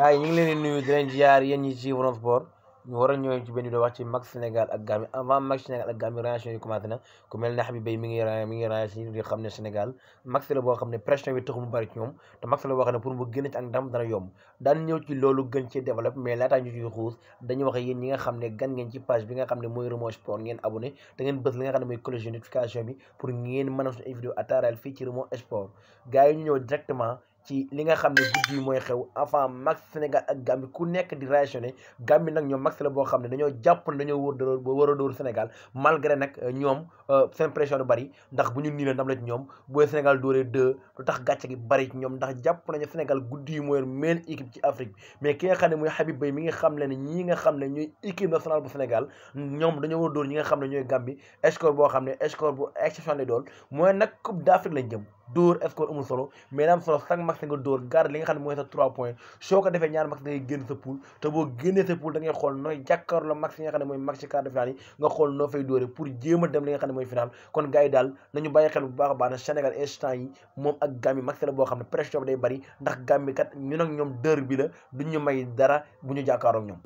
waaye ñu ngi leen di nuyu di leen jaar yéen ñi ci Woron Sport ñu war a ñëw ci benn vidéo wax ci match Sénégal ak Gambie avant match Sénégal ak Gambie réaction yi commencé na ku mel ne Habib Beye mi ngi mi ngi réaction di xam ne Sénégal max la boo xam ne pression bi taxul mu bari ci ñoom te match la boo xam ne pour mu génn ci ak ndam dana yomb daan ñëw ci loolu gën ci développe mais laataa ñu ciy xuus dañu wax yéen ñi nga xam ne gan ngeen ci page bi nga xam ne mooy Romo Sport ngeen abonné te ngeen bës li nga xam ne mooy cloche notification bi pour ngeen mën a suñu vidéo à taaral fii ci Romo Sport gars yi ñu ñëw directement ci li nga xam ne guddi mooy xew avant max Sénégal ak Gambie ku nekk di réactionné Gambie nag ñoom max la boo xam ne dañoo jàpp ne dañoo wër dóor war a dóor Sénégal malgré nag euh, ñoom euh, seen pression du bari ndax bu ñu nii la ndam la ci ñoom booy Sénégal dóoree deux lu tax gàcce gi bari ñoom ndax jàpp nañu Sénégal guddi yi mooy meilleure équipe ci Afrique mais ki nga xam ne muy Habib Beye mi nga xam ne ne ñi nga xam ne ñooy équipe nationale bu Sénégal ñoom dañoo war a dóor ñi nga xam ne ñooy Gambie score boo xam ne score bu exceptionnel dool mooy nag Coupe d'Afrique lañ jëm dóor score amul solo mais naam solo cinq max nga dóor garde li nga xam ne mooy sa trois points soo ko defee ñaar max da ngay génn sa poule te boo génnee sa poule da ngay xool nooy jàkkaarloo max yi nga xam ne mooy max ci quart de yi nga xool noo fay dóore pour jéem a dem li nga xam ne mooy final kon gars yi daal ñu bàyyi xel bu baax a baax na Sénégal instant yi moom ak Gambie max la boo xam ne pression bi day bari ndax Gambie kat ñun ak ñoom dër bi la duñ ñu may dara bu ñu jàkkaarook ñoom